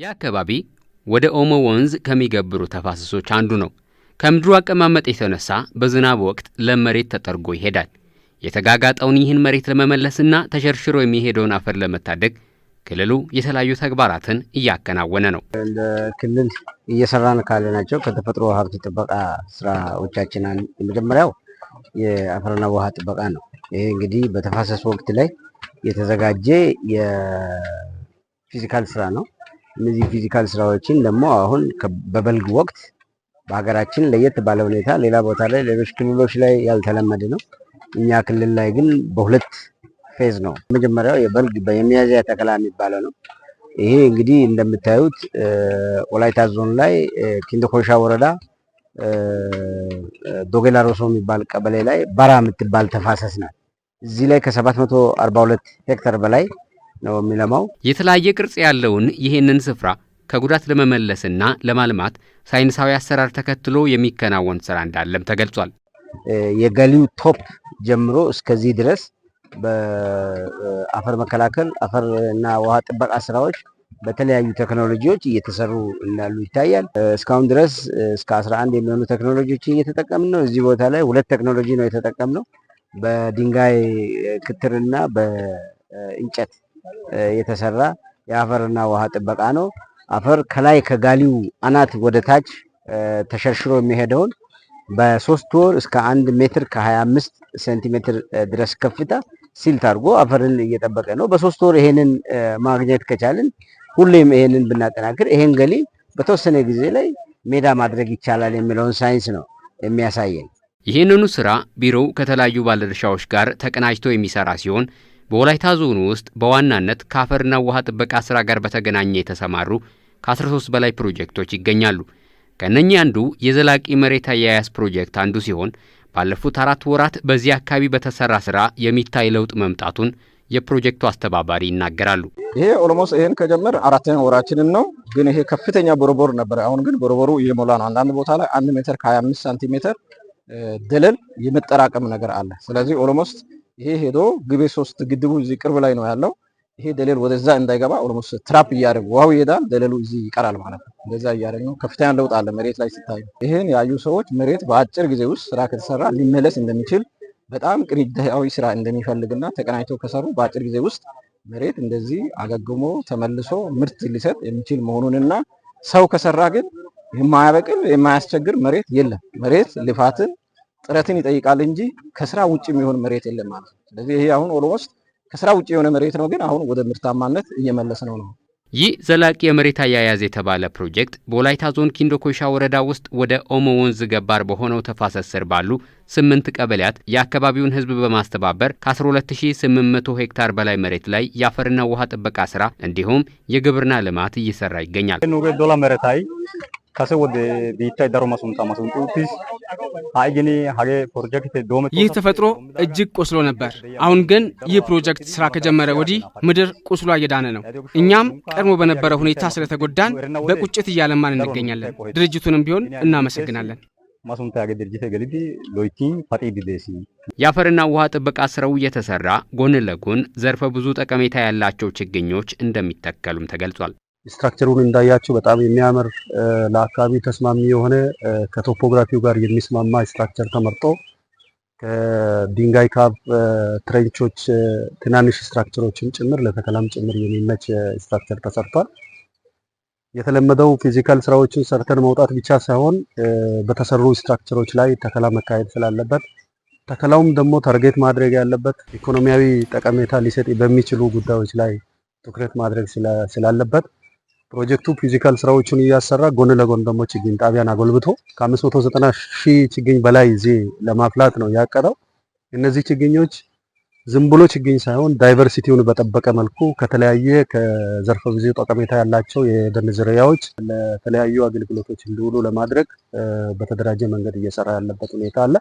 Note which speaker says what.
Speaker 1: ይህ አካባቢ ወደ ኦሞ ወንዝ ከሚገብሩ ተፋሰሶች አንዱ ነው። ከምድሩ አቀማመጥ የተነሳ በዝናብ ወቅት ለም መሬት ተጠርጎ ይሄዳል። የተጋጋጠውን ይህን መሬት ለመመለስና ተሸርሽሮ የሚሄደውን አፈር ለመታደግ ክልሉ የተለያዩ ተግባራትን እያከናወነ ነው።
Speaker 2: እንደ ክልል እየሰራን ካለናቸው ከተፈጥሮ ሀብት ጥበቃ ስራዎቻችን የመጀመሪያው የአፈርና ውሃ ጥበቃ ነው። ይሄ እንግዲህ በተፋሰስ ወቅት ላይ የተዘጋጀ የፊዚካል ስራ ነው። እነዚህ ፊዚካል ስራዎችን ደግሞ አሁን በበልግ ወቅት በሀገራችን ለየት ባለ ሁኔታ ሌላ ቦታ ላይ ሌሎች ክልሎች ላይ ያልተለመደ ነው። እኛ ክልል ላይ ግን በሁለት ፌዝ ነው። መጀመሪያው የበልግ የሚያዝያ ተከላ የሚባለው ነው። ይሄ እንግዲህ እንደምታዩት ወላይታ ዞን ላይ ኪንደኮሻ ወረዳ ሮሶ የሚባል ቀበሌ ላይ ባራ የምትባል ተፋሰስ ናት። እዚህ ላይ ከ742 ሄክተር በላይ ነው የሚለማው።
Speaker 1: የተለያየ ቅርጽ ያለውን ይህንን ስፍራ ከጉዳት ለመመለስና ለማልማት ሳይንሳዊ አሰራር ተከትሎ የሚከናወን ስራ እንዳለም ተገልጿል።
Speaker 2: የገሊው ቶፕ ጀምሮ እስከዚህ ድረስ በአፈር መከላከል አፈር እና ውሃ ጥበቃ ስራዎች በተለያዩ ቴክኖሎጂዎች እየተሰሩ እንዳሉ ይታያል። እስካሁን ድረስ እስከ 11 የሚሆኑ ቴክኖሎጂዎች እየተጠቀምን ነው። እዚህ ቦታ ላይ ሁለት ቴክኖሎጂ ነው የተጠቀምነው፣ በድንጋይ ክትርና በእንጨት የተሰራ የአፈርና ውሃ ጥበቃ ነው። አፈር ከላይ ከጋሊው አናት ወደ ታች ተሸርሽሮ የሚሄደውን በሶስት ወር እስከ አንድ ሜትር ከ25 ሴንቲሜትር ድረስ ከፍታ ሲልት አድርጎ አፈርን እየጠበቀ ነው። በሶስት ወር ይሄንን ማግኘት ከቻልን ሁሌም ይሄንን ብናጠናክር ይሄን ገሊ በተወሰነ ጊዜ ላይ ሜዳ ማድረግ ይቻላል የሚለውን ሳይንስ ነው የሚያሳየን።
Speaker 1: ይህንኑ ስራ ቢሮው ከተለያዩ ባለድርሻዎች ጋር ተቀናጅቶ የሚሰራ ሲሆን በወላይታ ዞን ውስጥ በዋናነት ከአፈርና ውሃ ጥበቃ ስራ ጋር በተገናኘ የተሰማሩ ከ13 በላይ ፕሮጀክቶች ይገኛሉ። ከነኚህ አንዱ የዘላቂ መሬት አያያዝ ፕሮጀክት አንዱ ሲሆን ባለፉት አራት ወራት በዚህ አካባቢ በተሰራ ስራ የሚታይ ለውጥ መምጣቱን የፕሮጀክቱ አስተባባሪ ይናገራሉ።
Speaker 2: ይሄ ኦሎሞስ ይሄን ከጀመር አራተኛ ወራችንን ነው። ግን ይሄ ከፍተኛ ቦርቦር ነበረ። አሁን ግን ቦርቦሩ እየሞላ ነው። አንዳንድ ቦታ ላይ አንድ ሜትር ከ25 ሳንቲሜትር ደለል የመጠራቀም ነገር አለ። ስለዚህ ኦሎሞስት ይሄ ሄዶ ግቤ ሶስት ግድቡ እዚህ ቅርብ ላይ ነው ያለው። ይሄ ደለል ወደዛ እንዳይገባ ኦልሞስት ትራፕ እያደረጉ ውሃው ይሄዳል፣ ደለሉ እዚህ ይቀራል ማለት ነው። እንደዛ እያደረጉ ነው። ከፍተኛ ለውጥ አለ መሬት ላይ ሲታዩ። ይሄን ያዩ ሰዎች መሬት በአጭር ጊዜ ውስጥ ስራ ከተሰራ ሊመለስ እንደሚችል በጣም ቅንጅታዊ ስራ እንደሚፈልግና ተቀናጅተው ከሰሩ በአጭር ጊዜ ውስጥ መሬት እንደዚህ አገግሞ ተመልሶ ምርት ሊሰጥ የሚችል መሆኑንና ሰው ከሰራ ግን የማያበቅል የማያስቸግር መሬት የለም። መሬት ልፋትን ጥረትን ይጠይቃል እንጂ ከስራ ውጭ የሚሆን መሬት የለም ማለት ነው። ስለዚህ ይሄ አሁን ኦልሞስት ከስራ ውጭ የሆነ መሬት ነው፣ ግን አሁን ወደ ምርታማነት እየመለስ ነው ነው
Speaker 1: ይህ ዘላቂ የመሬት አያያዝ የተባለ ፕሮጀክት በወላይታ ዞን ኪንዶ ወረዳ ውስጥ ወደ ኦሞ ወንዝ ገባር በሆነው ተፋሰስ ስር ባሉ ስምንት ቀበሌያት የአካባቢውን ሕዝብ በማስተባበር ከ12800 ሄክታር በላይ መሬት ላይ የአፈርና ውሃ ጥበቃ ስራ እንዲሁም የግብርና ልማት እየሰራ ይገኛል።
Speaker 2: kase ወደ biittay ዳሮ masunttaa masunxxi ፒስ ha'i gini hagee ፕሮጀክት ዶመ
Speaker 1: ይህ ተፈጥሮ እጅግ ቆስሎ ነበር። አሁን ግን ይህ ፕሮጀክት ስራ ከጀመረ ወዲህ ምድር ቁስሏ እየዳነ ነው። እኛም ቀድሞ በነበረ ሁኔታ ስለተጎዳን በቁጭት እያለማን እንገኛለን። ድርጅቱንም ቢሆን እናመሰግናለን።
Speaker 2: ማሱንታ ያገ ድርጅት ገሊዲ ሎይቲ ፋጢ ዲዴሲ
Speaker 1: የአፈርና ውሃ ጥበቃ ስራው እየተሰራ ጎን ለጎን ዘርፈ ብዙ ጠቀሜታ ያላቸው ችግኞች እንደሚተከሉም ተገልጿል።
Speaker 2: ስትራክቸሩን እንዳያችሁ በጣም የሚያምር ለአካባቢ ተስማሚ የሆነ ከቶፖግራፊው ጋር የሚስማማ ስትራክቸር ተመርጦ ከድንጋይ ካብ ትሬንቾች፣ ትናንሽ ስትራክቸሮችም ጭምር ለተከላም ጭምር የሚመች ስትራክቸር ተሰርቷል። የተለመደው ፊዚካል ስራዎችን ሰርተን መውጣት ብቻ ሳይሆን በተሰሩ ስትራክቸሮች ላይ ተከላ መካሄድ ስላለበት ተከላውም ደግሞ ታርጌት ማድረግ ያለበት ኢኮኖሚያዊ ጠቀሜታ ሊሰጥ በሚችሉ ጉዳዮች ላይ ትኩረት ማድረግ ስላለበት ፕሮጀክቱ ፊዚካል ስራዎቹን እያሰራ ጎን ለጎን ደግሞ ችግኝ ጣቢያን አጎልብቶ ከ590 ሺህ ችግኝ በላይ እዚህ ለማፍላት ነው ያቀደው። እነዚህ ችግኞች ዝም ብሎ ችግኝ ሳይሆን ዳይቨርሲቲውን በጠበቀ መልኩ ከተለያየ ከዘርፈ ብዙ ጠቀሜታ ያላቸው የደን ዝርያዎች ለተለያዩ አገልግሎቶች እንዲውሉ ለማድረግ በተደራጀ መንገድ እየሰራ ያለበት ሁኔታ አለ።